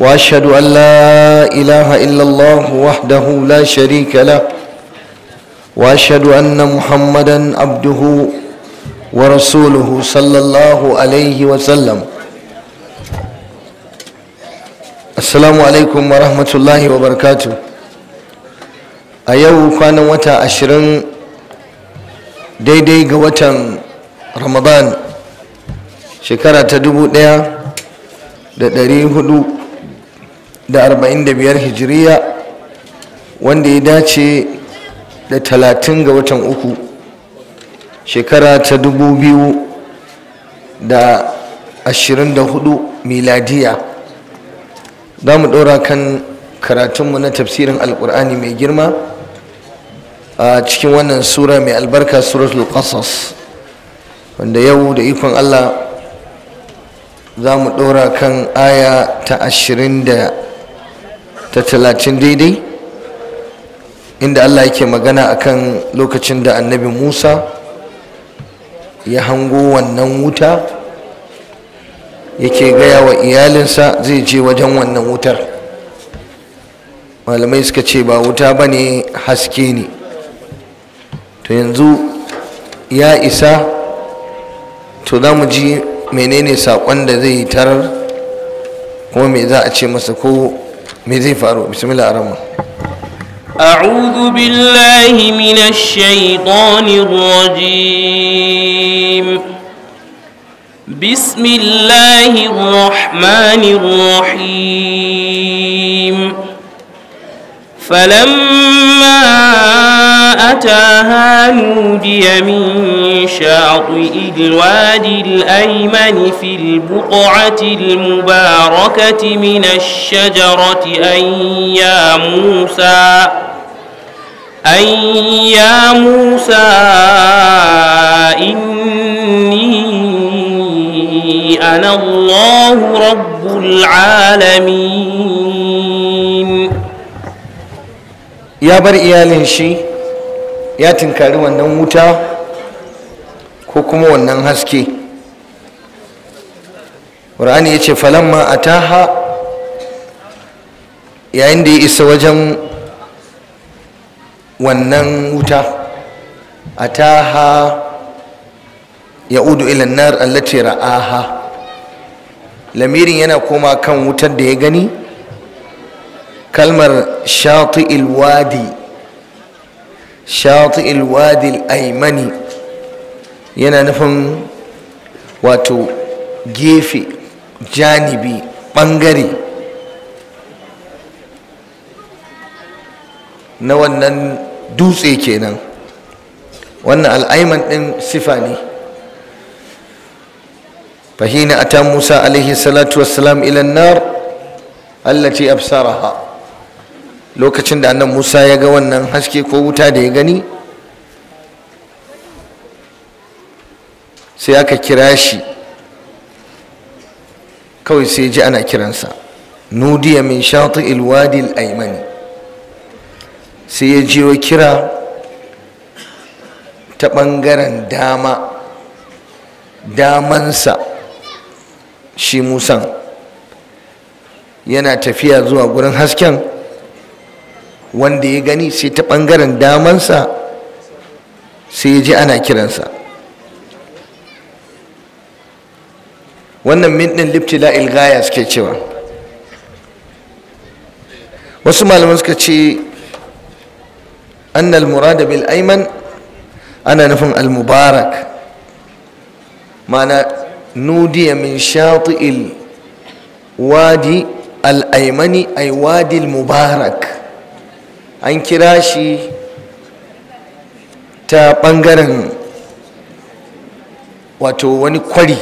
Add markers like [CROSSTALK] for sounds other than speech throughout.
واشهد ان لا اله الا الله وحده لا شريك له واشهد ان محمدا عبده ورسوله صلى الله عليه وسلم wa rahmatullahi wa barkatu. a yau kwanan wata ashirin daidai ga watan ramadan shekara ta dubu daya da dari hudu da arba'in da biyar hijiriya wanda ya dace da talatin ga watan uku shekara ta dubu biyu da ashirin da hudu miladiya za mu ɗora kan karatunmu na tafsirin alkur'ani mai girma a cikin wannan sura mai albarka suratul qasas wanda yau da ikon allah za mu ɗora kan aya ta ashirin da ta talatin daidai inda Allah yake magana akan lokacin da annabi Musa ya hango wannan wuta yake gaya wa iyalinsa zai je wajen wannan wutar malamai suka ce ba wuta ba ne haske ne to yanzu ya isa to za mu ji menene saƙon da zai tarar kuma me za a ce masa ko me فاروق بسم الله الرحمن أعوذ بالله من الشيطان الرجيم بسم الله الرحمن الرحيم فلما أتاها نودي من شاطئ الوادي الأيمن في البقعة المباركة من الشجرة أن يا موسى أن يا موسى إني أنا الله رب العالمين ya bar iyalin shi ya tinkari wannan wuta ko kuma wannan haske ƙur'ani ya ce falamma a taha yayin da ya isa wajen wannan wuta a taha ya udu ilan nar allati ra'aha lamirin yana koma kan wutar da ya gani kalmar shati'il wadi shati'il wadi al'aimani yana nufin wato gefe janibi ɓangare na wannan dutse kenan wannan al'aiman ɗin sifa ne fahina ta musa alaihi salatu wassalam ilan nar allati absaraha lokacin da annan musa ya ga wannan haske ko wuta da ya gani sai aka kira shi kawai sai ji ana kiransa nudiya min shatu ilwadil aimani sai ya wa kira ta ɓangaren dama damansa shi musan yana tafiya zuwa gurin hasken wanda ya gani sai ta ɓangaren damansa sai ya ji ana kiransa wannan min ɗin la'il Gaya suke cewa wasu malaman suka ce an annal murada bil aiman ana nufin almubarak. mubarak mana nudiya min shati'il wadi al'aimani aimani ay wadi al-mubarak an kira shi ta ɓangaren wato wani kwari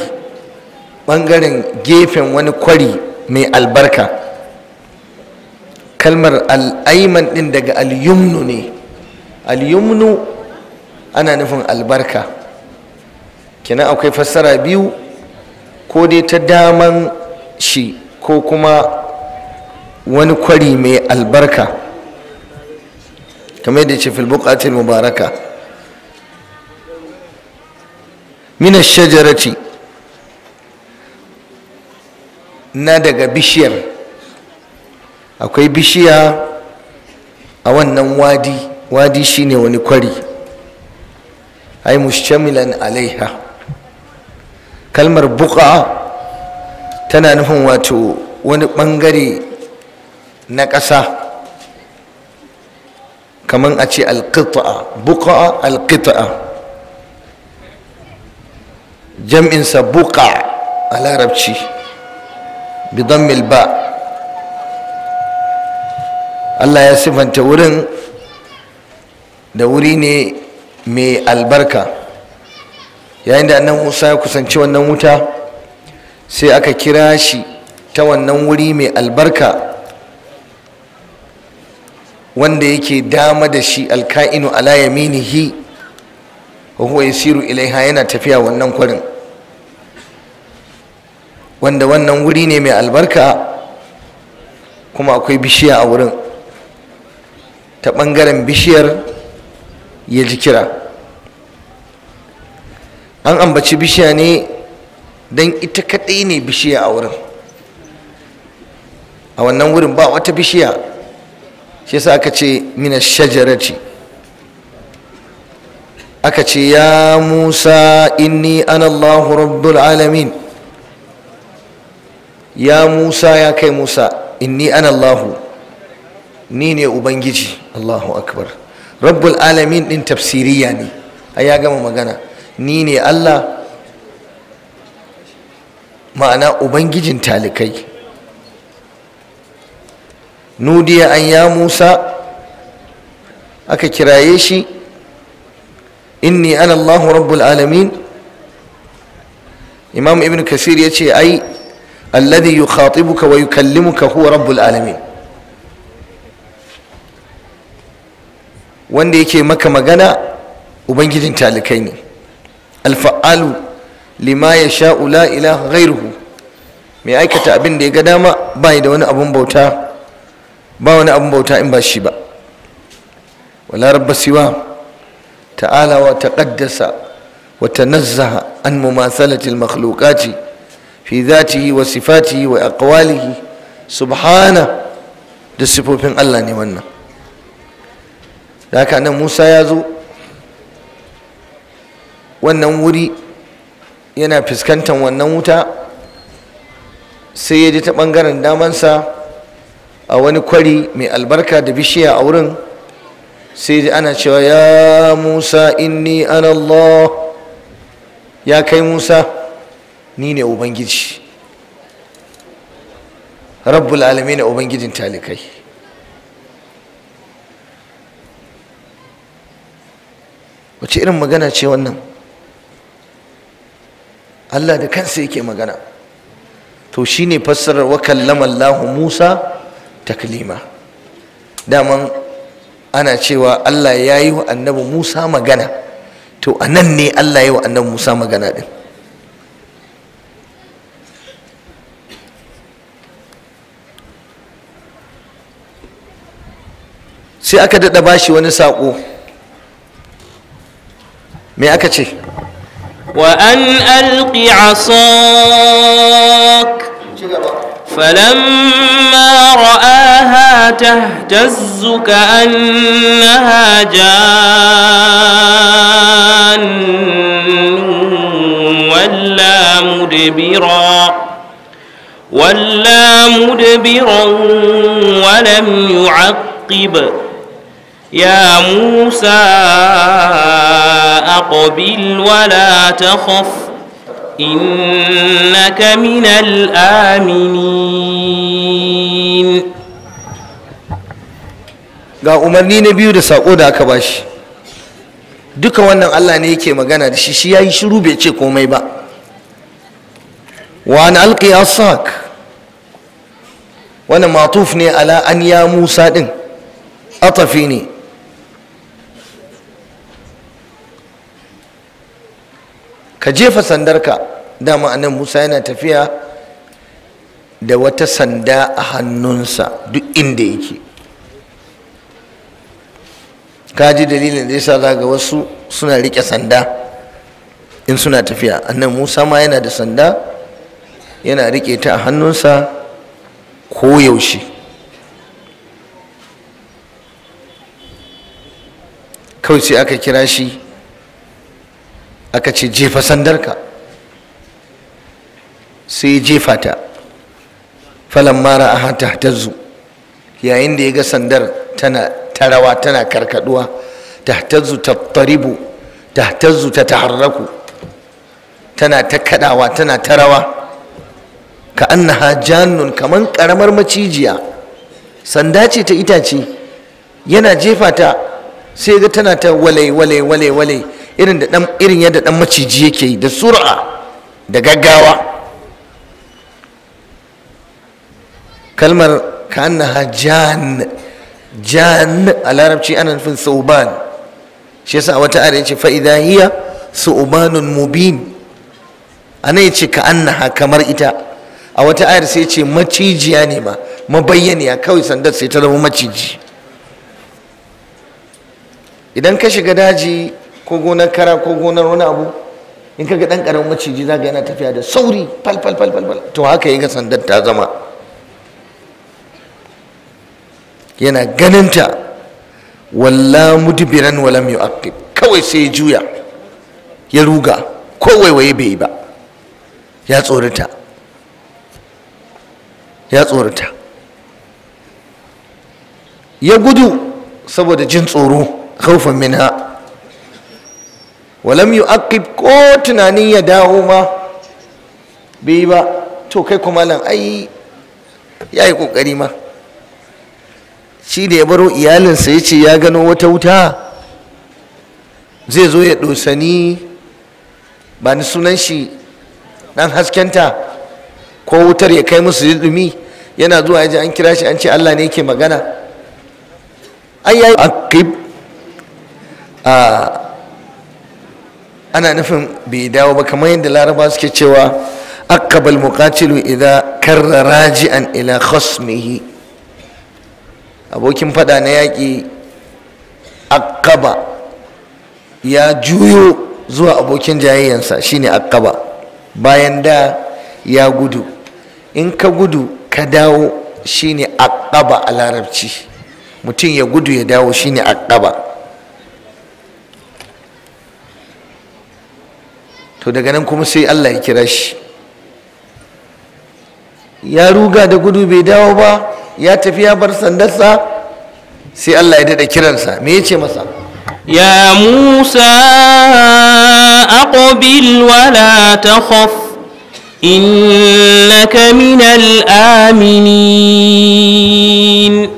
ɓangaren gefen wani kwari mai albarka kalmar al'aiman ɗin daga alyumnu ne alyumnu ana nufin albarka kenan akwai fassara biyu ko dai ta daman shi ko kuma wani kwari mai albarka kamar yadda ce filbuƙatil mubaraka mina shajarati na daga bishiyar akwai bishiya a wannan wadi wadi shine wani kwari ai alaiha kalmar buka tana nufin wato wani bangare na ƙasa kamar a ce alƙita'a buƙa'a alƙita'a jam'insa buƙa a larabci bidan milba Allah ya sifanta wurin da wuri ne mai albarka yayin da annan musa ya kusanci wannan wuta sai aka kira shi ta wannan wuri mai albarka wanda yake dama da shi alka'inu ala yaminihi wa huwa yasiru ilaiha yana tafiya wannan kwarin wanda wannan wuri ne mai albarka kuma akwai bishiya a wurin ta ɓangaren bishiyar ya ji kira an ambaci bishiya ne don ita kaɗai ne bishiya a wurin a wannan wurin ba wata bishiya shi yasa aka ce mina shajarati aka ce ya musa inni an allahu rabbul alamin ya musa ya kai musa inni an allahu ni ne ubangiji allahu akbar rabbul alamin din tafsiriya ne a ya gama magana ni ne allah ma'ana ubangijin talikai nudiya an ya musa aka kiraye shi inni ana allahu rabbul alamin imam ibn kasir ya ce ai alladhi yukhatibuka wa yukallimuka huwa rabbul alamin wanda yake maka magana ubangijin talikai ne alfa'alu lima ya sha'u la ilaha ghairuhu mai aikata abin da ya ga dama bai da wani abun bauta ba wani abin bauta in ba shi ba wala rabba siwa ta'ala wa ƙaddasa wa tanazzaha an mumathalati al fi dhatihi wa sifatihi wa aqwalihi subhana da sifofin Allah ne wannan da haka nan Musa ya zo wannan wuri yana fuskantar wannan wuta sai ya ji ta ɓangaren damansa a wani kwari mai albarka da bishiya a wurin sai ji ana cewa ya musa inni ana Allah ya kai musa ni ne ubangiji rabbul alamai na ubangijin talikai wace irin magana ce wannan Allah da kansa yake magana to shine fassarar wa kallama Musa taklima daman ana cewa Allah ya yi wa annabi Musa magana to a nan ne Allah ya yi wa annabi Musa magana din sai aka daɗa bashi wani saƙo me aka ce an ألق عصاك فلما رآها تهتز كأنها جان ولا مدبرا ولا مدبرا ولم يعقب يا موسى أقبل ولا تخف إنك من الآمنين ga umarni na biyu da sako da aka bashi duka wannan Allah ne yake magana da shi shi yayi shiru bai ce komai ba wa an alqi asak wannan matuf ne ala an ya Musa din atafi ne ka jefa sandarka dama anan musa yana tafiya da wata sanda a hannunsa duk inda yake ka ji dalilin zai sa za ga wasu suna riƙe sanda in suna tafiya anan musa ma yana da sanda yana riƙe ta a hannunsa koyaushe kawai sai aka kira shi aka ce jefa sandarka sai jefa ta falon mara a hata zu yayin da ya ga sandar tana tarawa tana karkaduwa ta ta zu ta ta taharraku tana ta kadawa tana tarawa ka annaha jannun kamar karamar macijiya sanda ce ta itace yana jefa ta sai ga tana ta wale wale wale wale irin da dan irin yadda dan maciji yake yi da sur'a da gaggawa kalmar kana jan jan a larabci ana nufin sauban shi yasa a wata arewa ce fa'ida hiya su'ubanun mubin a nan yace ka annaha kamar ita a wata ayar sai ce macijiya ne ma mabayyaniya kawai sandar sai ta zama maciji idan ka shiga daji ko gonar kara ko gonar wani abu in kaga dan karamin maciji zaka yana tafiya da sauri fal fal fal to haka ga sandar ta zama yana ganinta walla mudbiran walam yu'aqib kawai sai ya juya ya ruga ko waiwaye bai ba ya tsorata ya tsorata ya gudu saboda jin tsoro khaufan minha walam akib ko tunanin ya dawo ma bai ba to kai kuma nan ai yayi kokari ma shi da ya baro iyalinsa ya ce ya gano wata wuta zai zo ya dosani ba ni sunan shi dan haskenta ko wutar ya kai musu dumi yana zuwa ya ji an kira shi an ce Allah ne yake magana ai yayi akib a ah, ana nufin bai dawo ba kamar yadda laraba suke cewa akabal muqatilu idan karra raji'an ila khasmihi abokin fada na yaƙi akaba ya juyo zuwa abokin jayayyansa shine akaba bayan da ya gudu in ka gudu ka dawo shine akaba a larabci mutum ya gudu ya dawo shine akaba to daga nan kuma sai Allah ya kira shi ya ruga da gudu bai dawo ba ya tafi ya bar sandarsa sai Allah ya daɗa kiransa me ya ce masa ya musa aqbil wala takhaf إنك aminin.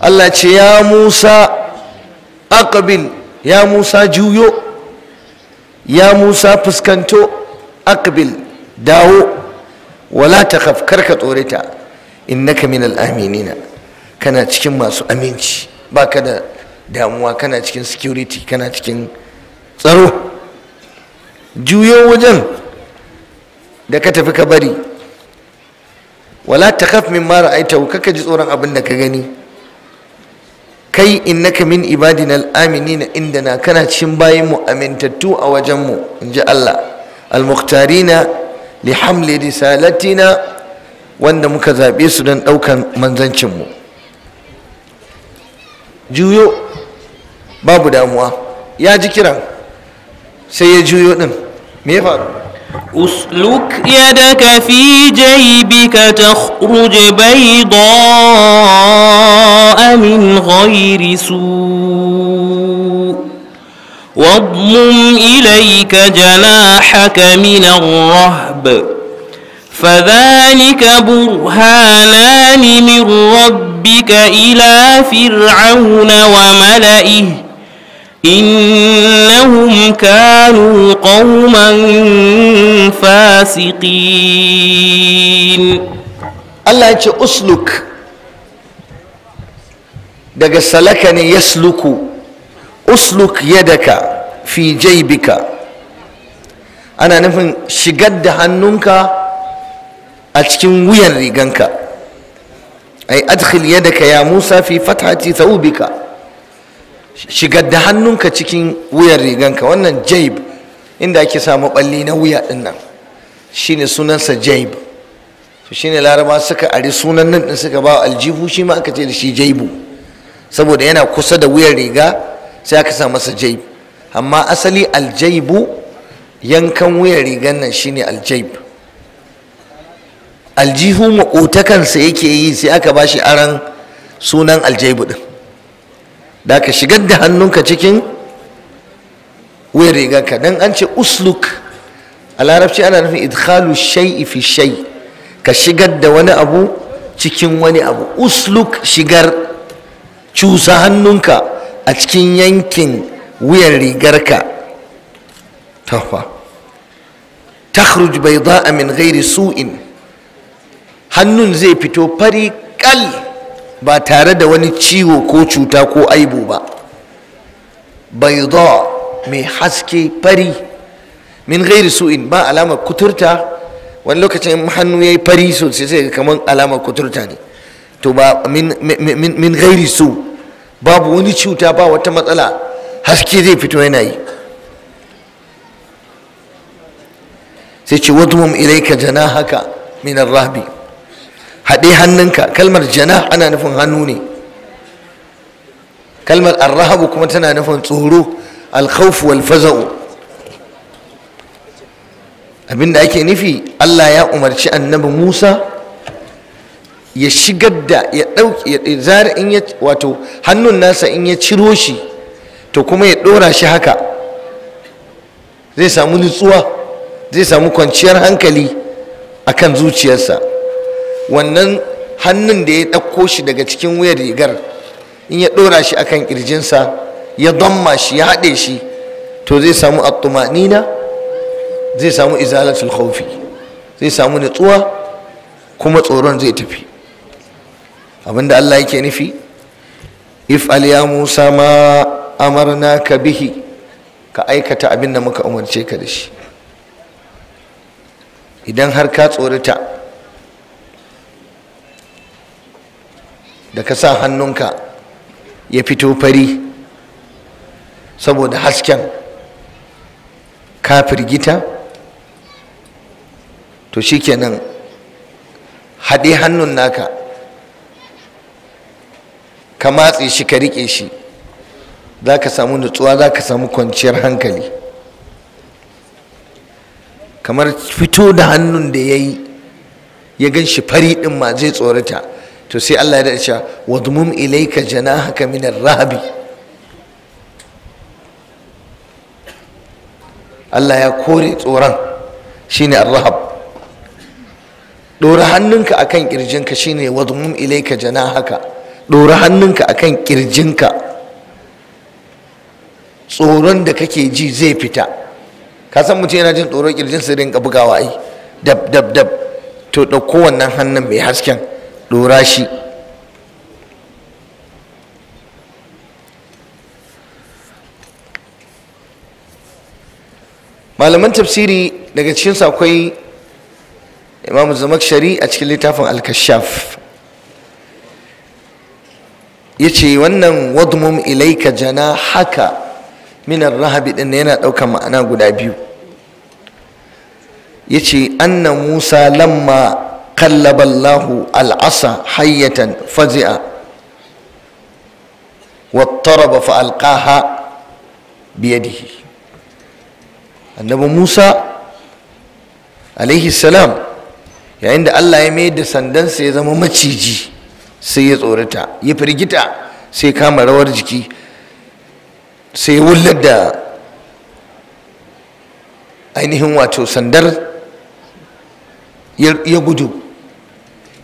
Allah ce ya musa aqbil ya musa juyo. ya musa fuskanto akbil dawo wala ta kafkar ka tsorita innaka min al'aminina kana cikin masu aminci baka da damuwa kana cikin security kana cikin tsaro juyo wajen da ka tafi ka bari wala ta kaf min mara aitahu kaka ji tsoron abin da ka gani kai innaka min ibadina al inda indana kana cikin bayin mu amintattu a wajen mu inji Allah al-mukhtarina li hamli risalatina wanda muka zabe su don daukan manzancin mu juyo babu damuwa ya ji kiran sai ya juyo din me ya faru اسلك يدك في جيبك تخرج بيضاء من غير سوء واضمم اليك جناحك من الرهب فذلك برهانان من ربك الى فرعون وملئه إنهم كانوا قوما فاسقين الله ce أسلك daga salaka ne yasluku usluk yadaka fi bika. ana nufin shigar da hannunka a cikin wuyan riganka ai adkhil yadaka ya musa fi fathati thawbika shigar da hannunka cikin wuyar riganka wannan jaib inda ake samu balli na wuya din nan shine sunansa jaib to shine laraba suka ari sunan nan din suka ba aljihu shi ma aka ce da shi jaibu saboda yana kusa da wuyar riga sai aka sa masa jaib amma asali aljaibu yankan wuyar rigan nan shine aljaib aljihu makotakansa yake yi sai aka ba shi aran sunan aljaibu din da ka shigar da hannunka cikin wuyar riganka don an ce usluk a larabci ana nufin idkhalu shai ifishai. ka shigar da wani abu cikin wani abu usluk shigar cusa hannunka a cikin yankin wuyar rigarka tafa takhruj bayda'a min gairi su'in hannun zai fito fari kal ba tare da wani ciwo ko cuta ko aibu ba baydha mai haske fari min ghairi su'in ba alamar kuturta wani lokacin hannu yayi fari sosai sai kamar alamar kuturta ne to ba min gairi su babu wani cuta ba wata matsala haske zai fito yana yi sai ce wadmum ilaika haka, min rahbi haɗe hannunka kalmar jana ana nufin hannu ne kalmar arrahabu kuma tana nufin tsoro alkhawfu wal faza'u abinda ake nufi Allah ya umarci annabi Musa ya shigar da ya ɗauki zara in ya wato hannun nasa in ya ciro shi to kuma ya ɗora shi haka zai samu nutsuwa zai samu kwanciyar hankali akan zuciyarsa wannan hannun da ya ɗauko shi daga cikin wuyar rigar in ya ɗora shi akan ƙirjinsa ya damma shi ya haɗe shi to zai samu attumanina zai samu izalatul khawfi zai samu nutsuwa kuma tsoron zai tafi abinda Allah yake nufi if ya musa ma amarna ka bihi ka aikata abin da muka umarce ka da shi idan har ka tsorata da ka sa hannunka ya fito fari saboda hasken ka firgita to shikenan haɗe hannun naka ka matse shi ka riƙe shi za ka samu nutsuwa za ka samu kwanciyar hankali kamar fito da hannun da ya yi ya gan shi fari ɗin ma zai tsorata to sai Allah ya dace wadmum ilayka janahaka min ar Rabi? Allah ya kore tsoron shine ar-rahab dora hannunka akan kirjinka shine wadmum ilayka janahaka dora hannunka akan kirjinka tsoron da kake ji zai fita ka san mutum yana jin tsoron kirjinsa rinka bugawa ai dab dab dab to da wannan hannun mai hasken ɗora shi malaman tafsiri daga cikinsu akwai imam Shari, a cikin littafin alkashaf ya ce wannan wadmum ilaika jana haka minar rahabi da yana ɗaukar ma'ana guda biyu ya ce anna musa lamma قلب الله العصا حية فزئة واضطرب فألقاها بيده النبي موسى عليه السلام yayin da Allah ya mai da sandansa ya zama maciji sai ya tsorata ya firgita sai kama rawar jiki sai wullar da ainihin wato sandar ya gudu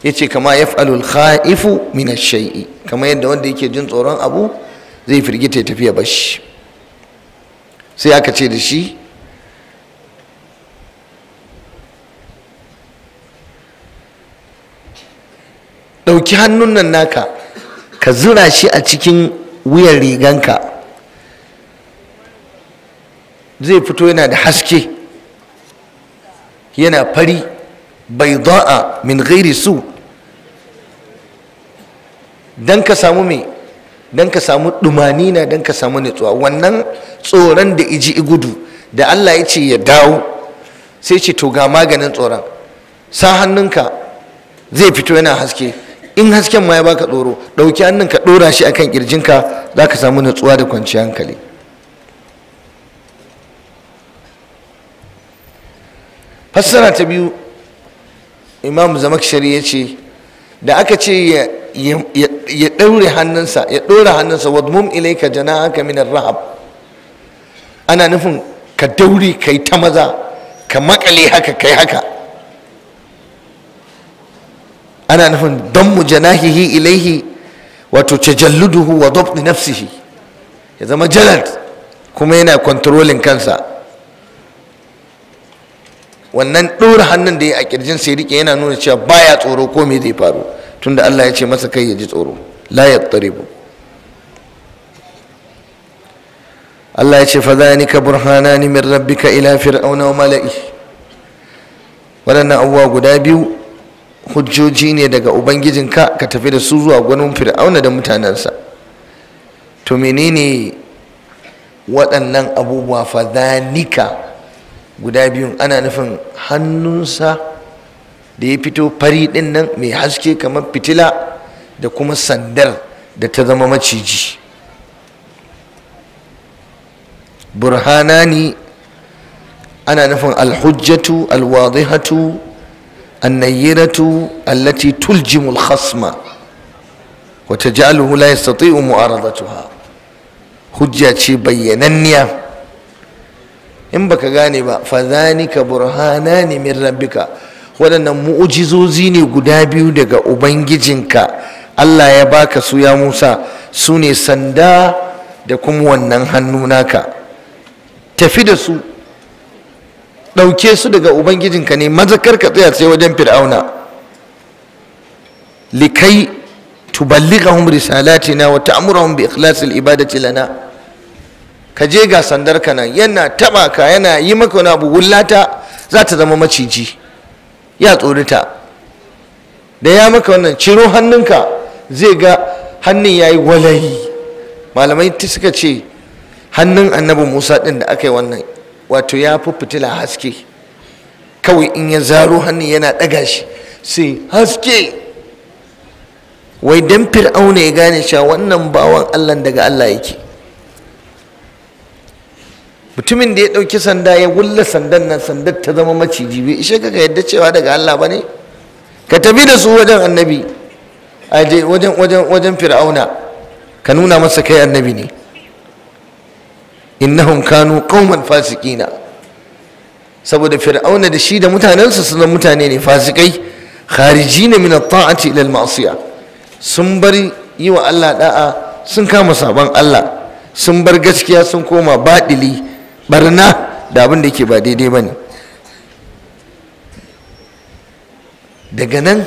yace kama ya khaifu min shaii kama yadda wanda yake jin tsoron abu zai firgita ya tafi ya bashi sai aka ce da shi ɗauki hannun nan naka ka zura shi a cikin wuyan riganka zai fito yana da haske yana fari baida'a min ghairi su dan ka samu me dan ka samu dumanina dan ka samu nutsuwa wannan tsoron da iji igudu da Allah ya ce ya dawo sai ce to ga maganin tsoron sa hannunka zai fito yana haske in hasken ma ya baka tsoro ɗauki hannunka ɗora shi akan kirjinka za ka samu nutsuwa da kwanciyar hankali fassara ta biyu imam zamakshari ya ce da aka ce ya ɗaure hannunsa ya ɗora hannunsa wadmum ilaika aka minar rahab ana nufin ka daure kai ta maza ka makale haka kai haka ana nufin don mu janahihi ilaihi wato jalluduhu wa dabt nafsihi ya zama jalad kuma yana kontrolin kansa wannan ɗora hannun da ya a ƙirjin sai rike yana nuna cewa baya tsoro ko me zai faru tunda Allah ya ce masa kai ya ji tsoro la yaqtaribu Allah ya ce fa burhana burhanani min rabbika ila fir'auna wa mala'i waɗannan abubuwa guda biyu hujjoji ne daga ubangijinka ka tafi da su zuwa gwanin fir'auna da mutanensa to menene waɗannan abubuwa ka? guda biyun ana nufin hannunsa da ya fito fari ɗin nan mai haske kamar fitila da kuma sandar da ta zama maciji burhanani ana nufin alhujjatu alwadihatu annayyiratu allati tuljimul khasma wa taj'aluhu la yastati'u mu'aradatuha hujja ce bayyananniya in baka gane ba burhana ne min rabbika waɗannan mu'ujizozi ne guda biyu daga ubangijinka Allah ya baka su ya Musa su ne sanda da kuma wannan hannu naka tafi da su ɗauke su daga ubangijinka ne mazakar ka tsaya sai wajen fir'auna likai tuballighahum risalatina wa ta'muruhum bi ikhlasil ibadati lana ka je ga sandar ka nan yana taba ka yana yi maka wani abu wullata za ta zama maciji ya tsorita da ya maka wannan ciro hannunka zai ga hannun ya yi walayi malamai suka ce hannun annabi musa ɗin da aka yi wannan wato ya fi fitila haske kawai in ya zaro hannun yana ɗaga shi sai haske wai don fir'auna ya gane cewa wannan bawan allah daga allah yake mutumin da ya ɗauki sanda ya wulla sandan nan sandar ta zama maciji bai ishe ka ka yadda cewa daga Allah ba ne ka tafi da su wajen annabi wajen wajen wajen fir'auna ka nuna masa kai annabi ne innahum kanu qauman fasiqina saboda fir'auna da shi da mutanensa suna mutane ne fasikai kharijina min at-ta'ati ila al-ma'siyah sun bar yi wa Allah da'a sun kama sabon Allah sun bar gaskiya sun koma baɗili barna da abin da yake ba daidai ba ne daga nan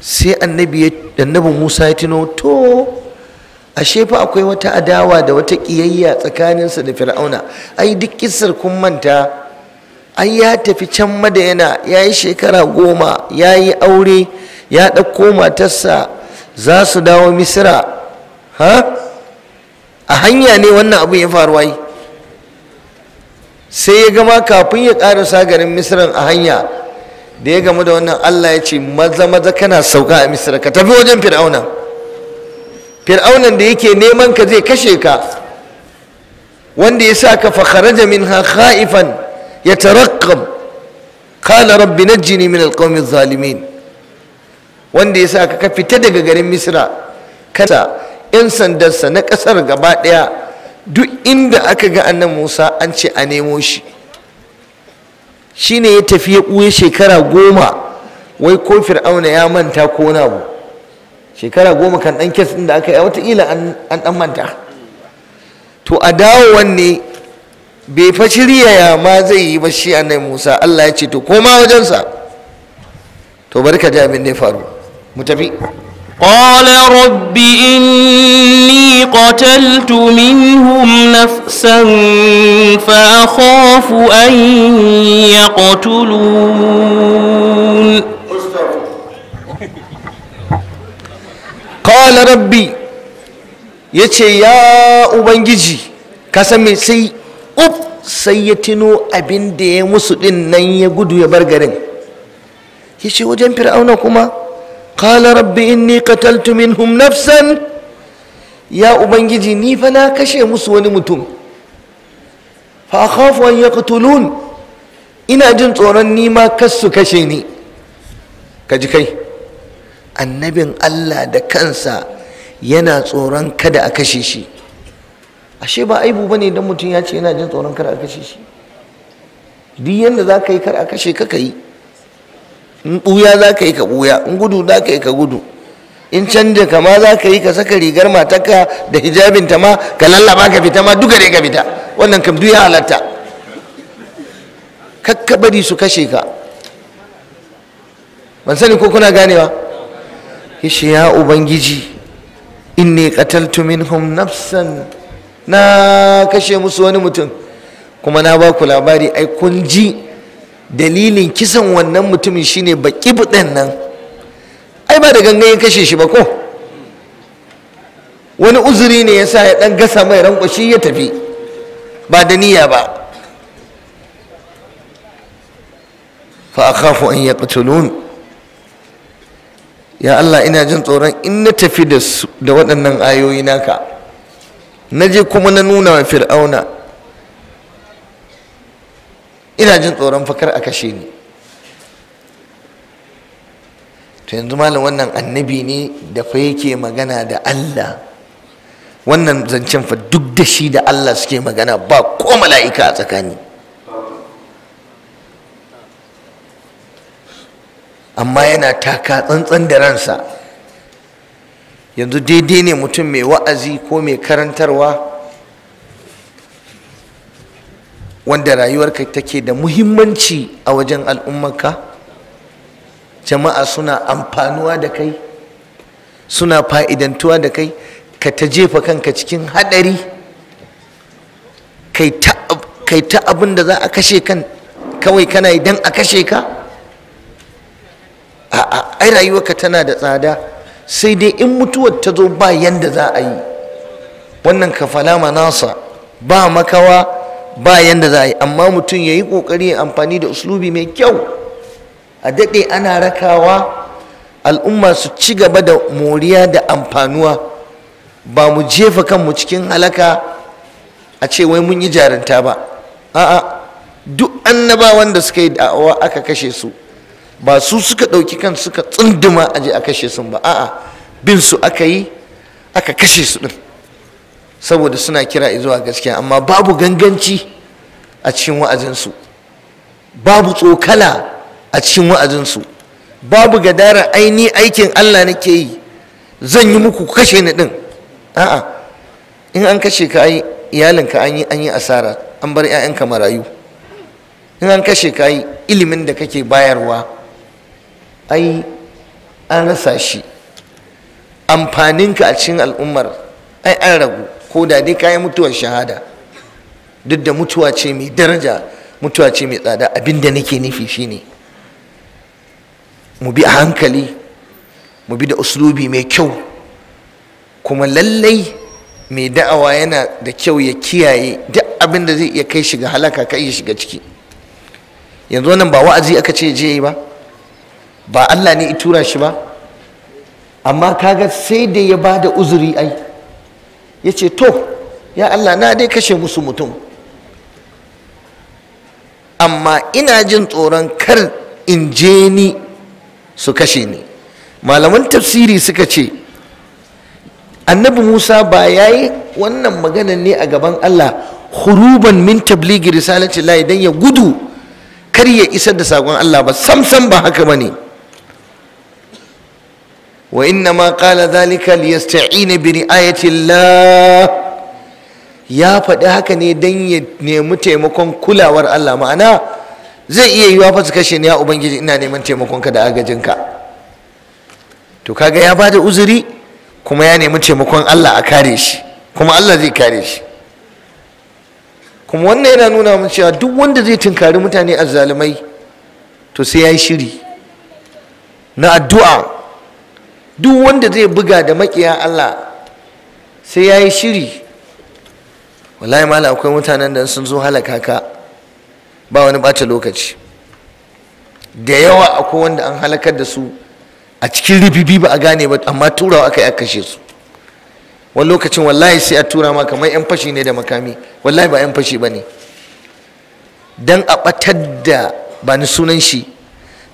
sai annabi musa ya tuno to ashe fa akwai wata adawa da wata ƙiyayya tsakaninsa da fir'auna ai duk kisar kun manta ai ya tafi can yana, ya yi shekara goma ya yi aure ya ɗauko matarsa za su dawo misira ha a hanya ne wannan abu ya faruwa yi sai ya gama kafin ya karasa garin misran a hanya da ya gama da wannan allah ya ce maza maza kana sauka a misra ka tafi wajen fir'aunan fir'aunan da yake neman ka zai kashe ka wanda ya sa ka fakharaja ha'ifan ya yataraqqab kala rabbi jini min alƙawmin zalimin wanda ya sa ka fita daga garin misra kasa 'yan sandarsa na ƙasar gaba ɗaya duk inda aka ga annan musa an ce a nemo shi shine ya tafi ya ɓuye shekara goma wai ko fir'auna ya manta ko na bu. shekara goma kan ɗan kes ɗin da aka yi wataƙila an ɗan manta to a dawo wanne bai fa shirya ma zai yi ba shi annai musa allah ya ce to koma wajensa to bari ka ji abin da faru mu tafi قال رب إني قتلت منهم نفسا فأخاف أن يقتلون قال ربي yace ya ubangiji ka san me sai up sai ya tuno abin da ya musu din nan ya gudu ya bar garin yace wajen fir'auna kuma qala rabbi inni qataltu minhum nafsan ya ubangiji ni fa na kashe musu wani mutum fa ya an yaqtulun ina jin tsoron ni ma kas su kashe ni ka ji kai annabin Allah da kansa yana tsoron kada a kashe shi ashe ba aibu bane idan mutum ya ce yana jin tsoron kada a kashe shi duk yanda za ka yi kar a kashe ka ka yi in ɓuya za ka yi ka ɓuya in gudu za ka yi ka gudu in canja ma za ka yi ka saka rigar matarka da hijabinta ma ka lallaba ka fita ma duka dai ka fita wannan kam duk ya halatta kakka bari su kashe ka ban sani ko kuna ganewa kishi ya ubangiji inni qataltu minhum nafsan na kashe musu wani mutum kuma na ba ku labari ai kun ji dalilin kisan wannan mutumin shine baki buɗan nan ai ba da ya kashe shi ba ko wani uzuri ne yasa ya ɗan gasa mai rankwashi ya tafi ba da niyya ba fa akhafu an yaqtulun ya Allah ina jin tsoron in na tafi da waɗannan ayoyi naka na je kuma na nuna wa fir'auna ina jin tsoron fakar a kashe ni to yanzu malam wannan annabi ne da fa yake magana da Allah wannan zancen fa duk da shi da Allah suke magana ba ko mala'ika a tsakani amma yana taka tsantsan da ransa yanzu daidai ne mutum mai wa'azi ko mai karantarwa wanda rayuwarka take da muhimmanci a wajen al'ummarka jama'a suna amfanuwa da kai suna fa'idantuwa da kai ka ta jefa kanka cikin haɗari kai ta abin da za a kashe kan kawai kana idan a kashe ka a'a ai rayuwarka tana da tsada sai dai in mutuwar ta zo ba yanda za a yi wannan kafalama nasa, ba makawa ba yanda za a yi amma mutum ya yi ƙoƙari amfani da uslubi mai kyau a daɗe ana rakawa al'umma su ci gaba da moriya da amfanuwa ba mu jefa kanmu cikin halaka a ce wai mun yi jarinta ba a'a duk annabawan da suka yi da'awa aka kashe su ba su suka ɗauki kan suka tsunduma a je a kashe sun ba a'a bin su aka yi aka kashe su ɗin saboda suna kira zuwa gaskiya amma babu ganganci a cikin wa'azinsu babu tsokala a cikin wa'azinsu babu gadara aini aikin Allah nake yi zan yi muku kashe ni din a'a in an kashe ka yi iyalinka an yi an yi asara an bar 'ya'yanka marayu in an kashe ka yi ilimin da kake bayarwa ai an rasa shi amfaninka a cikin al'ummar ai an ragu ko da dai kayan mutuwar shahada duk da mutuwa ce mai daraja mutuwa ce mai tsada abinda nake nufi shine mu bi a hankali mu bi da uslubi mai kyau kuma lallai mai da'awa yana da kyau ya kiyaye duk abinda zai iya kai shiga halaka ka iya shiga ciki yanzu wannan ba wa'azi aka ce je ba ba Allah ne ya tura shi ba amma kaga sai da ya bada uzuri ai ya ce to ya Allah na dai kashe musu mutum amma ina jin tsoron kar in je ni su kashe ni malaman tafsiri suka ce annabi musa ba ya yi wannan maganan ne a gaban allah huruban min tabligi risalati lahi dan ya gudu kar ya isar da sakon allah ba samsam ba haka ba ne وإنما قال ذلك ليستعين برعاية الله ya faɗi haka ne dan ya nemi taimakon kulawar Allah ma'ana zai iya yiwa fa su kashe ni ya ubangiji ina neman ka da ka to kaga ya bada uzuri kuma ya nemi taimakon Allah a kare shi kuma Allah zai kare shi kuma wannan yana nuna mun cewa duk wanda zai tunkari mutane azzalumai to sai ya shiri na addu'a duk wanda zai buga da makiya Allah sai ya yi shiri wallahi mala akwai mutanen da sun zo halaka ka ba wani ɓata lokaci da yawa akwai wanda an halakar da su a cikin ribibi ba a gane ba amma turawa aka yi kashe su wani lokacin wallahi sai a tura ma kamar 'yan fashi ne da makami wallahi ba 'yan fashi ba ne don a ɓatar da ba ni sunan shi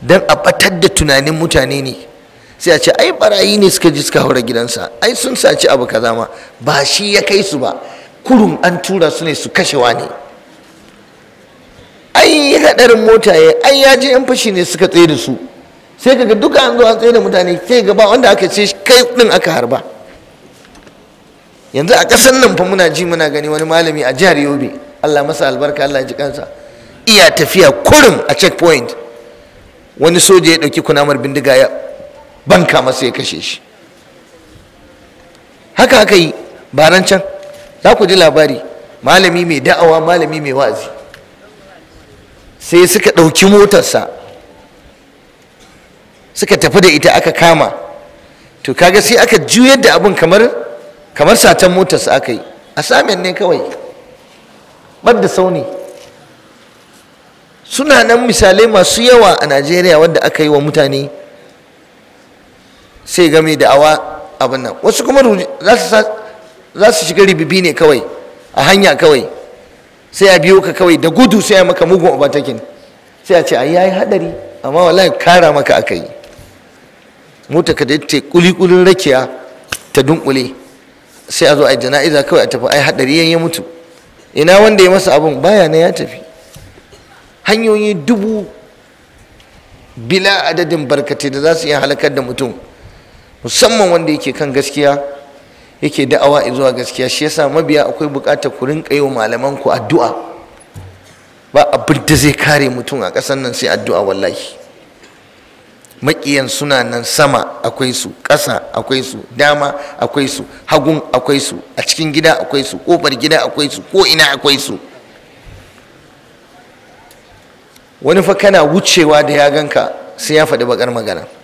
don a ɓatar da tunanin mutane ne sai a ce ai barayi ne suka ji suka haura gidansa ai sun saci abu kaza ma ba shi ya kai su ba kurum an tura su ne su kashe wani ai hadarin mota ya ai ya je yan fashi ne suka tsaye da su sai kaga duka an zo an tsaye da mutane sai gaba wanda aka ce kai din aka harba yanzu a ƙasar nan fa muna ji muna gani wani malami a jihar Yobe Allah masa albarka Allah ji kansa iya tafiya kurum a checkpoint wani soja ya ɗauki kunamar bindiga ya banka masa ya kashe shi haka aka yi baran can za ku ji labari malami mai da'awa malami mai wa'azi sai suka ɗauki motarsa suka tafi da ita aka kama to kaga sai aka juyar da abin kamar kamar satan motarsa aka yi a samin ne kawai bar da sauni suna nan misalai masu yawa a najeriya wanda aka yi wa mutane sai game da awa abin nan wasu kuma za su shiga ribibi ne kawai a hanya kawai sai a biyo ka kawai da gudu sai a maka mugun obatakin sai a ce a yi hadari amma wallahi kara maka aka yi mota ka da kulikulin rakiya ta dunkule sai a zo a jana'iza kawai a tafi a yi hadari ya mutu ina wanda ya masa abin? baya na ya tafi hanyoyi dubu bila adadin barkatai da za su iya halakar da mutum musamman wanda yake kan gaskiya yake da'awa zuwa gaskiya shi yasa mabiya akwai bukatar ku rinka yi wa malaman ku addu'a ba abin da zai kare mutum a ƙasar nan sai addu'a wallahi maƙiyan suna nan sama akwai su ƙasa akwai su dama akwai su hagun akwai su a cikin gida akwai su ƙofar gida akwai su ko ina akwai su wani fa kana wucewa da ya ganka sai ya faɗi baƙar magana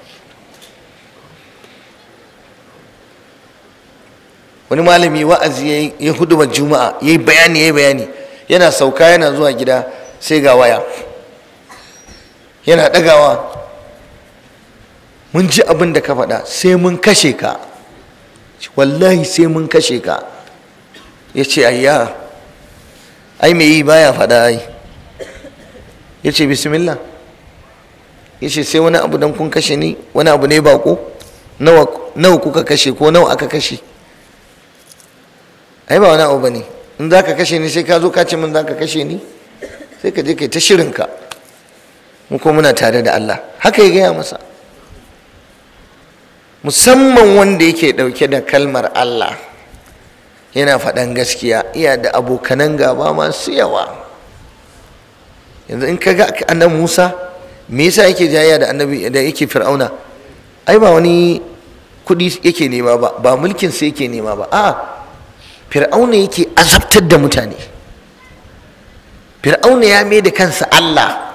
wani malami wa'azi ya hudubar juma'a ya yi bayani ya yi bayani yana sauka yana zuwa gida sai ga waya yana ɗagawa mun ji abin da ka faɗa sai mun kashe ka wallahi sai mun kashe ka ya ce ayya ai mai yi baya faɗa ai ya ce bismillah ya ce sai wani abu don kun kashe ni wani abu ne bako nawa kuka kashe ko nawa aka kashe ai ba wani abu ne in za ka kashe ni sai ka zo ka ce min za ka kashe ni sai ka je kai ta shirinka mu ko muna tare da Allah haka ya gaya masa musamman wanda yake ɗauke da kalmar Allah yana faɗan gaskiya iya da abokanan gaba masu yawa yanzu in ka ga annabi Musa me yasa yake jayayya da annabi da yake Fir'auna ai ba wani kuɗi yake nema ba ba mulkin sai yake nema ba a'a fir'auna yake azabtar da mutane fir'auna ya mai da kansa allah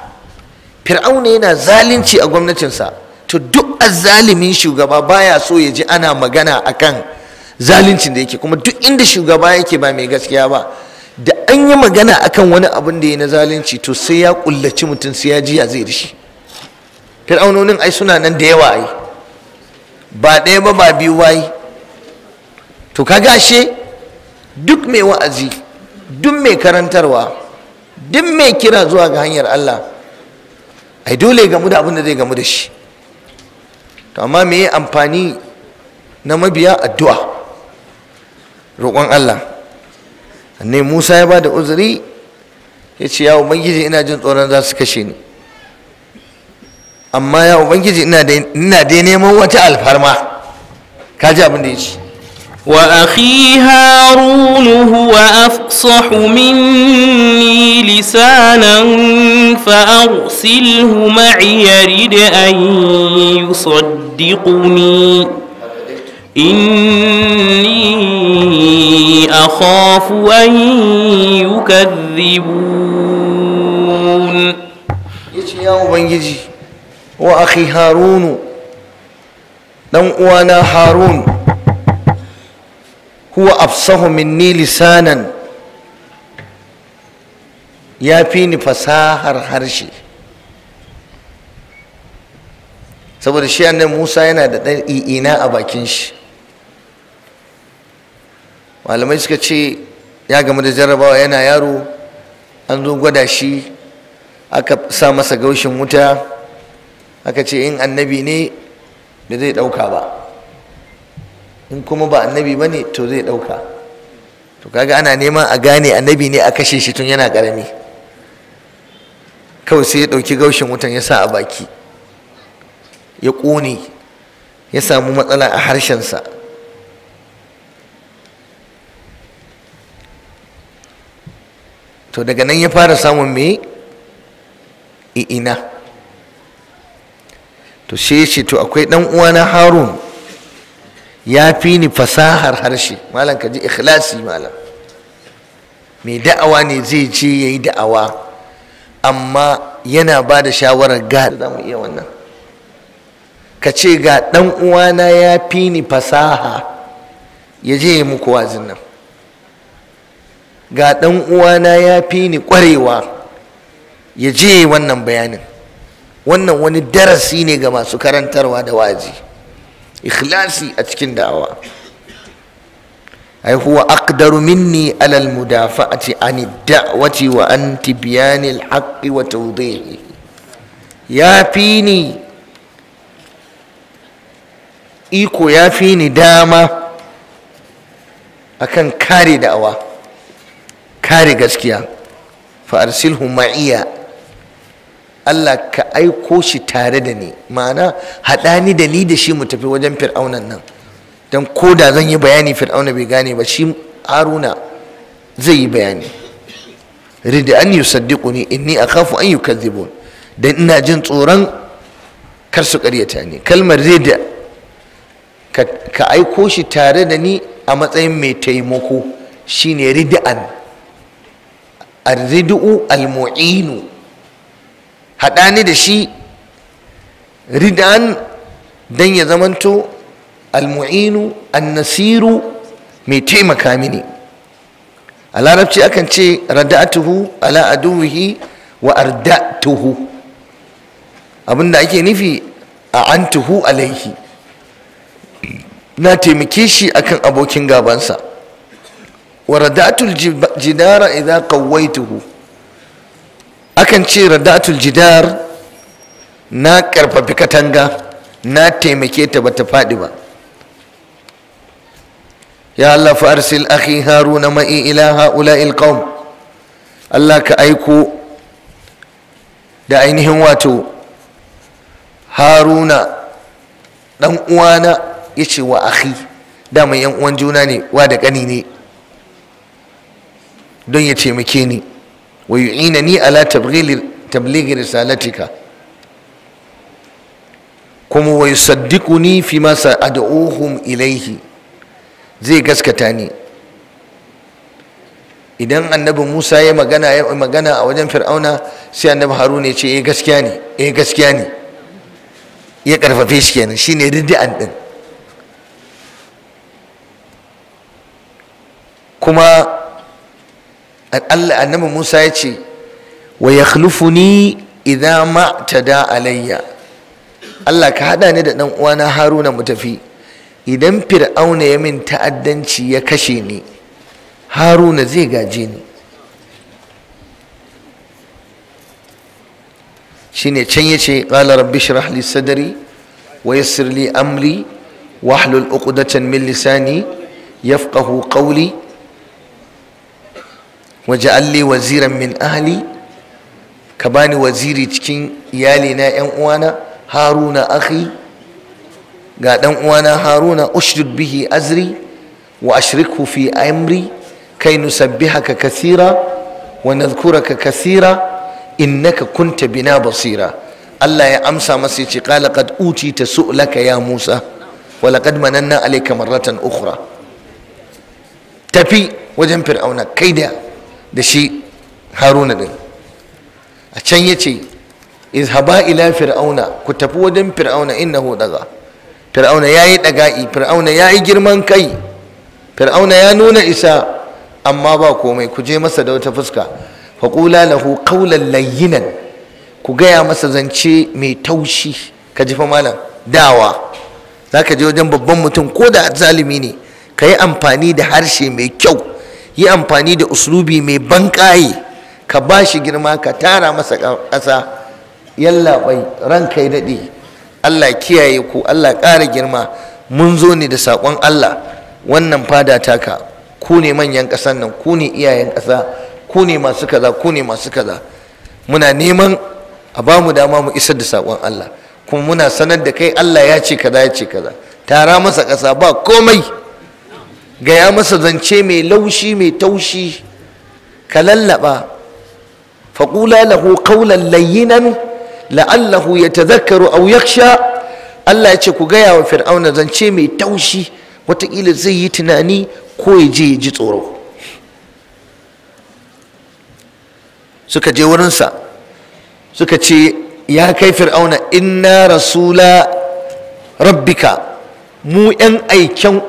fir'auna yana zalunci a gwamnatinsa to duk azalimin shugaba baya so ya ji ana magana akan zaluncin da yake kuma duk inda shugaba yake ba mai gaskiya ba da an yi magana akan wani abin da ya na zalunci to sai ya kullaci mutum sai ya ji ya zai rishi fir'aunonin ai suna nan da yawa ai ba ɗaya ba ba biyu ba to kaga shi duk mai wa'azi duk mai karantarwa duk mai kira zuwa ga hanyar Allah ai dole gamu da abin da zai gamu da shi to amma me yi amfani na mabiya addu'a roƙon Allah ne Musa ya ba da uzuri ya ce ya ubangiji ina jin tsoron za su kashe ni amma ya ubangiji ina dai neman wata alfarma ka ji abin da ya ce وأخي هارون هو أفصح مني لسانا فأرسله معي يرد أن يصدقني إني أخاف أن يكذبون يا أبنجي وأخي هارون دم وانا هارون huwa afsahu minni lisanan ya fi ni fasahar harshe saboda shi annan musa yana da ɗan i'ina a bakin shi malamai suka ce ya gama da jarrabawa yana yaro an zo gwada shi aka sa masa gaushin wuta aka ce in annabi ne da zai ɗauka ba in kuma ba annabi ba ne to zai ɗauka to kaga ana neman a gane annabi ne a kashe shi tun yana ƙarami kawai sai ya ɗauki gaushin wutan ya sa a baki ya ƙone ya samu matsala a harshensa to daga nan ya fara samun me i'ina to sai ya ce to akwai ɗan na harun ya fi ni fasahar harshe malam ka ji ikhlasi malam mai da'awa ne zai je ya yi da'awa amma yana ba da shawarar ga za mu iya wannan ka ce ga ɗan uwana ya fi ni fasaha ya je ya muku wazin nan ga ɗan uwana ya fi ni ƙwarewa ya je wannan bayanin wannan wani darasi ne ga masu karantarwa da wazi. ikhlasi a cikin da'awa ai huwa aqdaru minni ala al mudafa'ati an da'wati wa an tibyan al haqqi wa tawdihi ya fi ni iko ya fi ni dama akan kare da'awa kare gaskiya fa arsilhu ma'iya Allah ka aiko shi tare da ni ma'ana haɗa ni da ni da shi mu tafi wajen fir'aunan nan don ko da zan yi bayani fir'auna bai gane ba shi haruna zai yi bayani rida an yusaddiquni inni akhafu an yukazzibun dan ina jin tsoron kar su ƙaryata ni kalmar rida ka aiko shi tare da ni a matsayin mai taimako shine al-ridu'u al-mu'inu. haɗa ni da shi ridan dan ya zamanto almu'inu annasiru mai taimaka mini a larabci akan ce rada'atuhu ala aduwihi wa arda'tuhu abinda ake nufi a antuhu alaihi na taimake shi akan abokin gabansa wa rada'atul jidara idan qawwaituhu akan ce radatul jidar na karfafi katanga na taimake ta bata faɗi ba ya Allah fa arsil akhi haruna ma'i ila ha'ula'il qaum Allah ka aiko da ainihin wato haruna dan uwana ya ce wa akhi da mai yan uwan juna ne wa da ƙani ne don ya taimake ni wa ni ala tablighi risalatika kuma wa yusaddiquni fi ma sa'aduhum ilaihi zai gaskata ni idan annabi Musa ya magana a wajen Fir'auna sai annabi Haruna ya ce eh gaskiya eh, gaskiya ne ya karfafe shi kenan shine riddi'an din kuma Allah annabi Musa ya ce wa yakhlufuni idza ma tada alayya Allah ka hada ni da dan uwana Haruna mu tafi idan Fir'auna ya min ta'addanci ya kashe ni Haruna zai gaje ni shine can yace qala rabbi shrah li sadri wa yassir li amri wahlul uqdatan min lisani yafqahu qawli Waje li waziran min ahli ka bani waziri cikin iyalina yan uwana haruna akhi ga dan uwana haruna ushdud bihi azri wa ashrikhu fi amri kai nusabbihaka kathira wa nadhkuraka kathira innaka kunta bina basira Allah ya amsa masa yace qala qad utita su'laka ya Musa wa laqad mananna alayka marratan ukhra tafi wajen fir'auna kai da da shi haruna din a can ya ce izhaba ila fir'auna ku tafi wajen fir'auna innahu daga fir'auna ya yi daga'i fir'auna ya yi girman kai fir'auna ya nuna isa amma ba komai ku je masa da wata fuska faƙula lahu qawlan layyinan ku gaya masa zance mai taushi ka ji fa malam dawa za ka je wajen babban mutum ko da zalimi ne ka yi amfani da harshe mai kyau yi amfani da uslubi mai banƙaye ka ba shi girma ka tara masa ƙasa yallaɓai ranka ya daɗe allah kiyaye ku allah ƙara girma mun zo ne da saƙon allah wannan fada taka ku ne manyan ƙasan nan ku ne iyayen ƙasa ku ne masu kaza ku ne masu kaza muna neman a ba mu dama mu isar da saƙon allah kuma muna sanar da kai allah ya ce kaza ya ce kaza tara masa ƙasa ba komai gaya masa zance mai laushi mai taushi ka lallaba faƙula lahu kaulan layyinan la'allahu ya tazakkaru au yaksha Allah ya ce ku gaya wa fir'auna zance mai taushi wataƙila zai yi tunani ko ya je ya ji tsoro suka je wurinsa suka ce ya kai fir'auna inna rasula rabbika mu 'yan aiken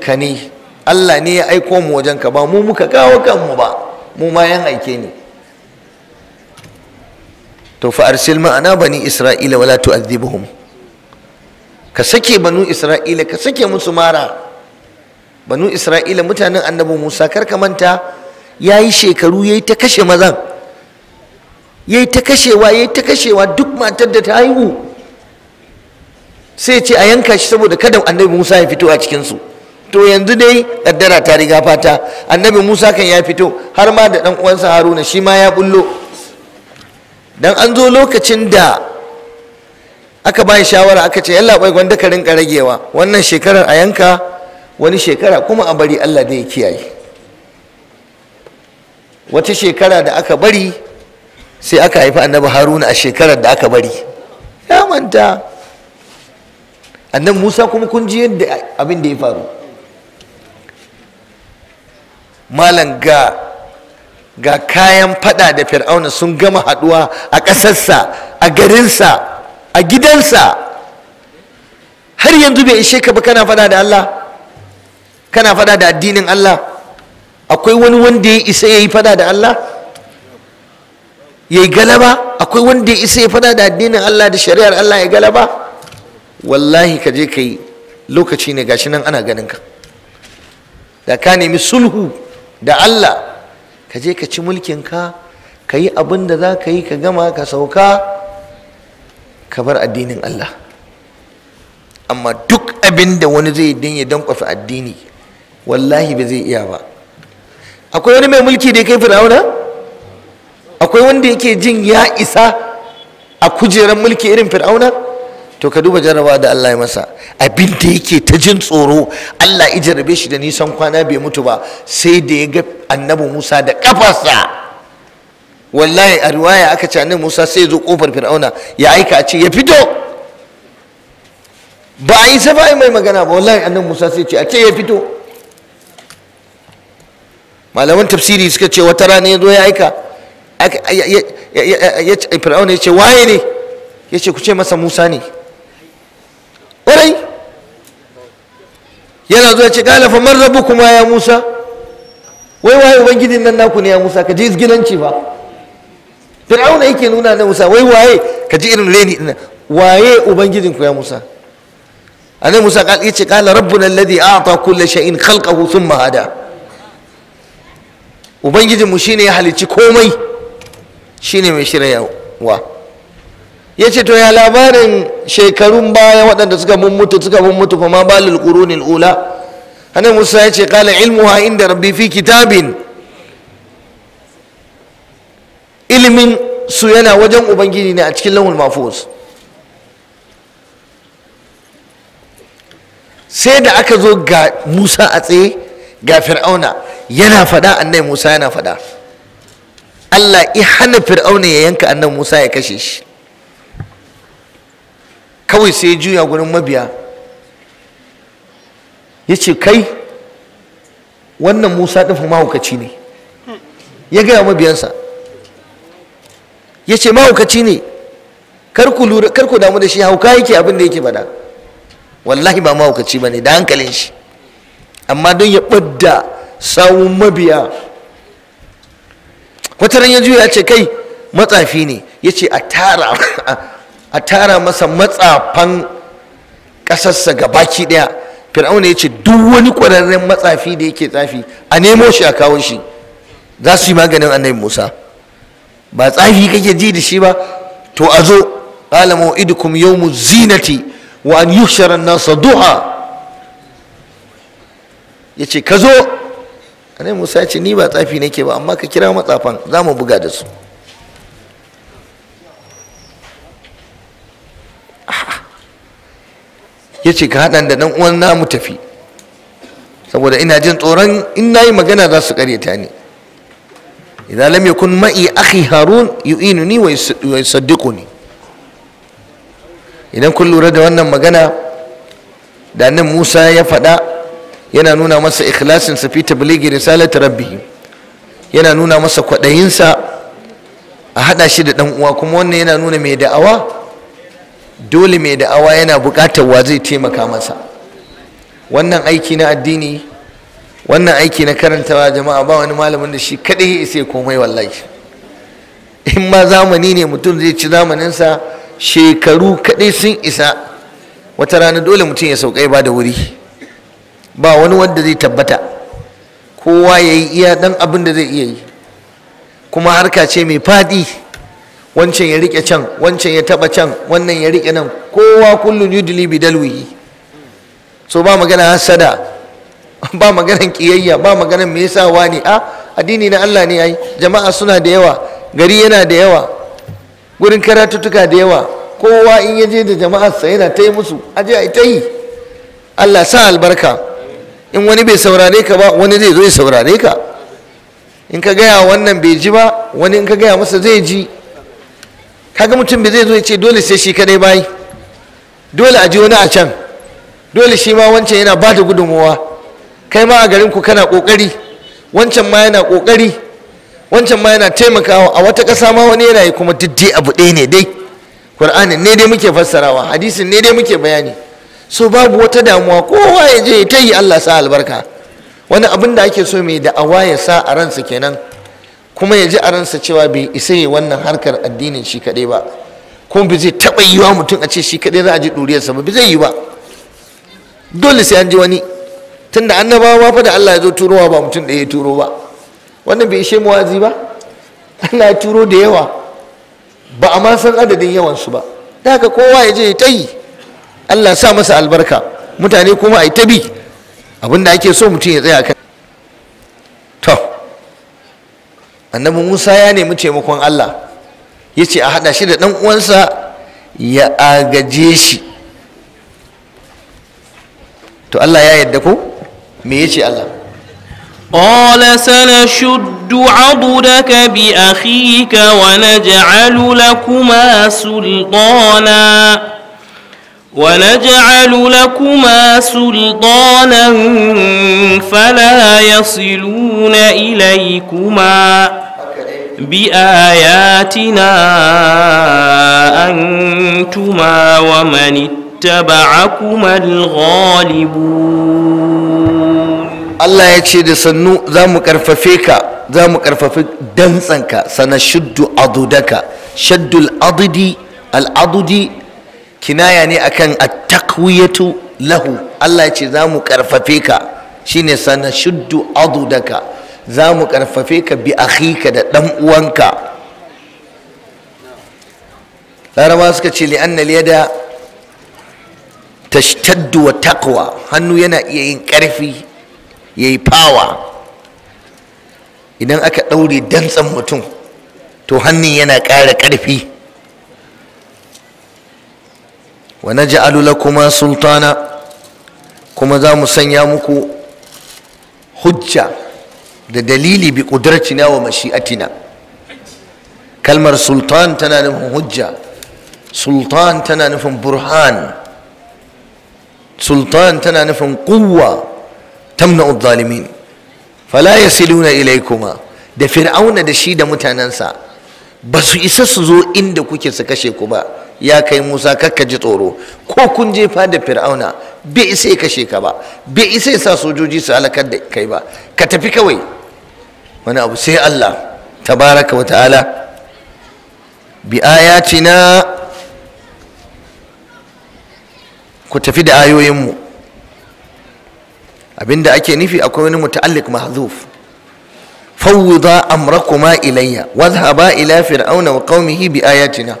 ka ne allah ne ya aiko mu wajenka ba mu muka kawo kanmu ba mu ma 'yan aike ne to fa arsil ma'ana bani isra'ila wala tu'adhibuhum ka sake banu isra'ila ka sake musu mara banu isra'ila mutanen annabi musa kar ka manta yayi shekaru ya yi ta kashe mazan ya ta kashewa ya ta kashewa duk matar da ta haihu sai ce a yanka shi saboda kada annabi Musa ya fito a cikinsu. to yanzu dai kaddara ta riga fata annabi Musa kan ya fito har ma da dan uwansa Haruna shi ma ya bullo dan an zo lokacin da aka bai shawara aka ce yalla bai gwanda ka rinka ragewa wannan shekarar a yanka wani shekara kuma a bari Allah da ya kiyaye wata shekara da aka bari sai aka haifi annabi haruna a shekarar da aka bari ya manta annan musa kuma kun ji yadda abin da ya faru malam ga ga kayan fada da fir'auna sun gama haduwa a ƙasarsa a garinsa a gidansa har yanzu bai ishe ka ba kana fada da allah kana fada da addinin allah akwai wani wanda ya isa ya yi fada da allah ya yi galaba akwai wanda ya isa ya fada da addinin allah da shari'ar allah ya galaba wallahi ka je ka yi lokaci ne gashi nan ana ganin ka da ka nemi sulhu da Allah ka je ka ci mulkinka ka yi abin da za ka yi ka gama ka sauka ka bar addinin Allah amma duk abin da wani zai din ya dankwafi addini wallahi ba zai iya ba akwai wani mai mulki da ya kai fir'auna akwai wanda yake jin ya isa a kujerar mulki irin fir'auna to ka duba jarraba da Allah ya masa abin da yake ta jin tsoro Allah ya jarrabe shi da nisan kwana bai mutu ba sai da ya ga annabi Musa da kafarsa wallahi a riwaya aka ce annabi Musa sai ya zo kofar Fir'auna ya aika a ce ya fito ba a yi safai mai magana ba wallahi annabi Musa sai ce a ce ya fito malaman tafsiri suka ce wata rana ya zo ya aika Fir'auna ya ce waye ne ya ce ku ce masa Musa ne kadai yana zuwa ce kala fa man kuma ya Musa wai waye ubangijin nan naku ne ya Musa ka ji izgilanci ba Fir'auna yake nuna na Musa wai waye ka ji irin reni din waye ubangijin ku ya Musa annabi Musa ya ce kala rabbuna alladhi a'ta kulli shay'in khalqahu thumma hada mu shine ya halicci komai shine mai shirya shiryawa ya ce to ya labarin shekarun baya waɗanda suka mummutu suka mummutu kuma fa ma balil qurunil ula hannun musa ya ce kala ilmuha inda rabbi fi kitabin ilimin su yana wajen ubangiji ne a cikin lahul mafus sai da aka zo ga musa a tsaye ga fir'auna yana faɗa annai musa yana faɗa allah i hana fir'auna ya yanka annan musa ya kashe shi kawai sai juya gurin mabiya ya ce kai wannan musa ɗin mahaukaci ne ya gaya mabiyansa ya ce mahaukaci ne kar damu da shi hauka yake abin da yake bada wallahi ba mahaukaci ba ne da hankalin shi amma don ya ɓadda sawun mabiya wata ran ya juya ce kai matsafi ne ya ce a tara a tara masa matsafan ƙasarsa ga baki ɗaya fir'auna ya ce duk wani ƙwararren matsafi da yake tsafi a nemo shi a kawo shi za su yi maganin annabi musa ba tsafi kake ji da shi ba to a zo qala maw'idukum yawmu zinati wa an yuhshara nasa duha ce ka zo annabi musa ya ce ni ba tsafi nake ba amma ka kira matsafan za mu buga da su ya ce ka haɗa da ɗan uwan namu tafi saboda ina jin tsoron in na yi magana za su ƙaryata ne. idan lam yakun ma'i akhi harun wai wa ne. idan kun lura da wannan magana da nan Musa ya faɗa yana nuna masa ikhlasin sa fi tabligi risalati rabbih yana nuna masa kwaɗayinsa a haɗa shi da ɗan uwa kuma wannan yana nuna mai da'awa dole mai da'awa yana bukatar wa zai taimaka masa wannan aiki na addini wannan aiki na karantawa jama'a ba wani malamin da shi kaɗai ya isa komai wallahi in ma zamani ne mutum zai ci zamaninsa shekaru kaɗai sun isa wata rana dole mutum ya saukai ba da wuri ba wani wanda zai tabbata kowa ya yi iya ɗan abin da zai iya yi kuma harka ce mai faɗi wancan ya rike can wancan ya taba can wannan ya rike nan kowa kullun yudli bi dalwihi so ba magana hasada [LAUGHS] ba magana kiyayya ba magana me yasa wani a addini na Allah ne ai jama'a suna da yawa gari yana da yawa gurin karatuttuka da yawa kowa in yaje da jama'a sai yana ta yi musu aje a ta yi Allah sa albarka in wani bai saurare ka ba wani zai zo ya saurare ka in ka gaya wannan bai ji ba wani in ka gaya masa zai ji kaga mutum bai zai zo ya ce dole sai shi kadai bai dole a ji wani a can dole shi ma wancan yana ba da gudunmuwa kai ma a garin ku kana kokari wancan ma yana kokari wancan ma yana taimakawa a wata kasa ma wani yana yi kuma duk abu ɗaya ne dai qur'anin ne dai muke fassarawa hadisin ne dai muke bayani so babu wata damuwa kowa ya je ta tayi Allah sa albarka wani abin da ake so mai da'awa ya sa a ransa kenan kuma ya ji a ransa cewa bai isa yi wannan harkar addinin shi kaɗai ba kuma bai zai taɓa yi wa mutum a ce shi kaɗai za a ji ɗuriyarsa ba bai zai yi ba dole sai an ji wani tunda annabawa fa da Allah ya zo turowa ba mutum da ya turo ba wannan bai ishe muwazi ba Allah ya turo da yawa ba a ma san adadin yawansu ba da haka kowa ya je ya tayi Allah sa masa albarka mutane kuma a yi ta bi abinda ake so mutum ya tsaya kan annabi musa ya nemi taimakon allah ya ce a hada shi da dan uwansa ya agaje shi to allah ya yadda ko me ya ce allah قال سنشد عضدك بأخيك ونجعل لكما سلطانا ونجعل لكما سلطانا فلا يصلون إليكما بآياتنا أنتما ومن اتبعكما الغالبون الله يكشد سنو ذا مكرففيك ذا مكرففيك دنسنك سنشد عضدك شد العضد العضد kinaya ne akan at-taqwiyatu lahu Allah ya ce za mu karfafe ka shine sanashuddu adudaka za mu karfafe ka bi akhika da dan uwanka larama suka ce li'anna liyada tashtaddu wa taqwa hannu yana iya yin karfi yayi fawa idan aka daure dantsan mutum to hannun yana ƙara ƙarfi wa naj'alu kuma sultana kuma za mu sanya muku hujja da dalili bi qudratina wa mashi'atina kalmar sultan tana nufin hujja sultan tana nufin burhan sultan tana nufin quwwa tamna'u adh-dhalimin fala yasiluna ilaykuma da fir'auna da shi da mutanensa, ba su isa su zo inda kuke su kashe ku ba ya kai musa kakka ji tsoro ko kun jefa da fir'auna bai isa ya kashe ka ba bai isa ya sa sojoji su halakar da kai ba ka tafi kawai wani abu sai allah tabaraka wa ta'ala bi ayatina ku tafi da ayoyinmu abinda ake nufi akwai wani muta'alliq mahzuf fawwida amrakuma ilayya wadhhaba ila fir'auna wa qaumihi bi ayatina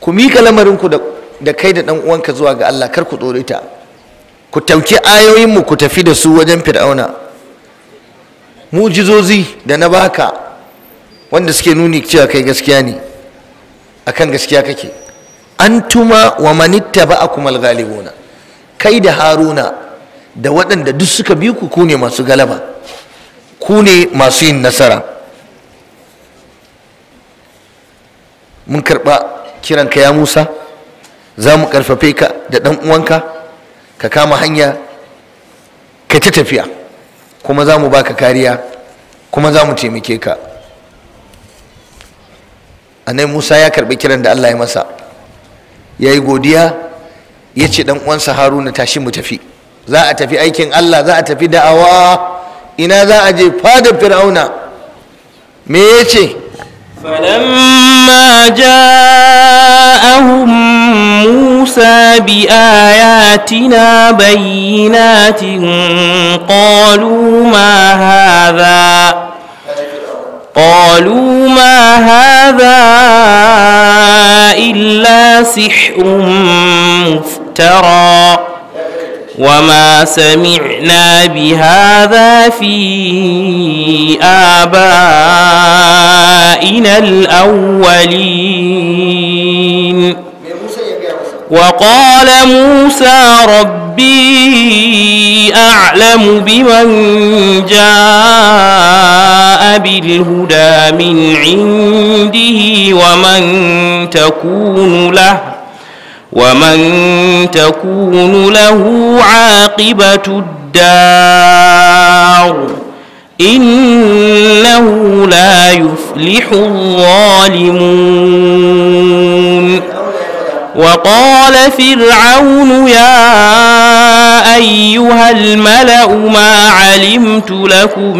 ku miƙa lamarinku da kai da ɗan uwanka zuwa ga Allah kar ku ɗore ta ku tauki ayoyinmu ku tafi da su wajen fir'auna mujizozi da na baka wanda suke nuni cewa kai gaskiya ne akan gaskiya kake antuma wa manitta ba'akumal ghalibuna kai da haruna da waɗanda duk suka bi ku kune masu galaba Kune masu yin nasara mun karɓa kiranka ya musa za mu karfafe ka da ɗan uwanka ka kama hanya ka ci tafiya kuma za mu baka kariya kuma za mu taimake ka annai musa ya karɓi kiran da allah ya masa ya yi godiya ya ce ɗan uwansa haruna tashi mu tafi za a tafi aikin allah za a tafi da'awa ina za a je fadar fir'auna me ya ce فلما جاءهم موسى بآياتنا بينات قالوا ما هذا قالوا ما هذا إلا سحر مفترى وما سمعنا بهذا في آبائنا الأولين وقال موسى ربي أعلم بمن جاء بالهدى من عنده ومن تكون له ومن تكون له عاقبة الدار إنه لا يفلح الظالمون وقال فرعون يا أيها الملأ ما علمت لكم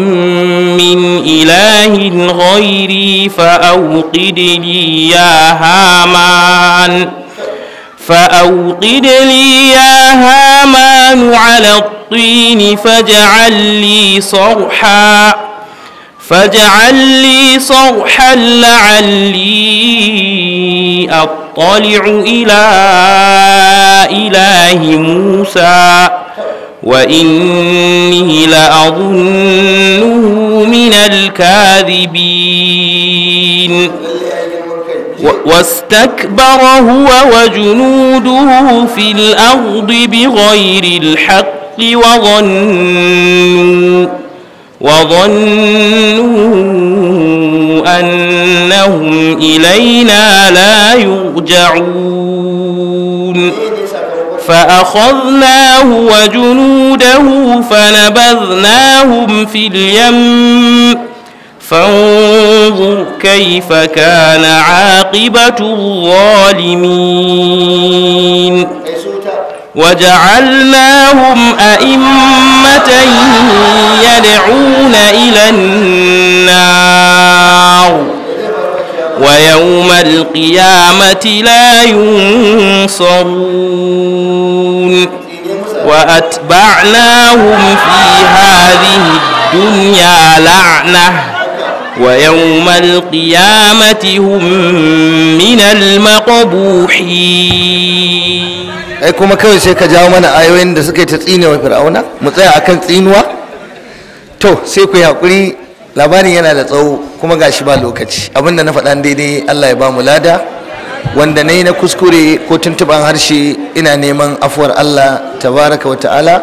من إله غيري فأوقد لي يا هامان فأوقد لي يا هامان على الطين فاجعل لي صرحا فاجعل لي صرحا لعلي أطلع إلى إله موسى وإني لأظنه من الكاذبين واستكبر هو وجنوده في الأرض بغير الحق وظنوا وظنوا أنهم إلينا لا يرجعون فأخذناه وجنوده فنبذناهم في اليم فانظر كيف كان عاقبة الظالمين وجعلناهم أئمة يدعون إلى النار ويوم القيامة لا ينصرون وأتبعناهم في هذه الدنيا لعنة ويوم القيامة هم من المقبوحين ai kuma kawai sai ka jawo mana ayoyin da suka yi ta tsinewa fir'auna mu tsaya akan tsinuwa to sai hakuri labarin yana da tsawo kuma ga shi ba lokaci abinda na faɗa daidai Allah ya ba mu lada wanda na yi na kuskure ko tuntuban harshe ina neman afuwar Allah tabaraka wa ta'ala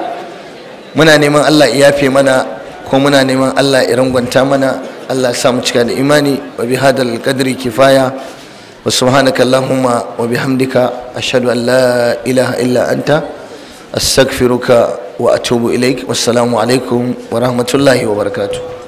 muna neman Allah ya yafe mana ko muna neman Allah ya rangwanta mana Allah ya samu cika da imani wa bi hadal qadri kifaya wa subhanaka allahumma wa bihamdika ashhadu an la ilaha illa anta astaghfiruka wa atubu ilaik wassalamu alaikum wa rahmatullahi wa barakatuh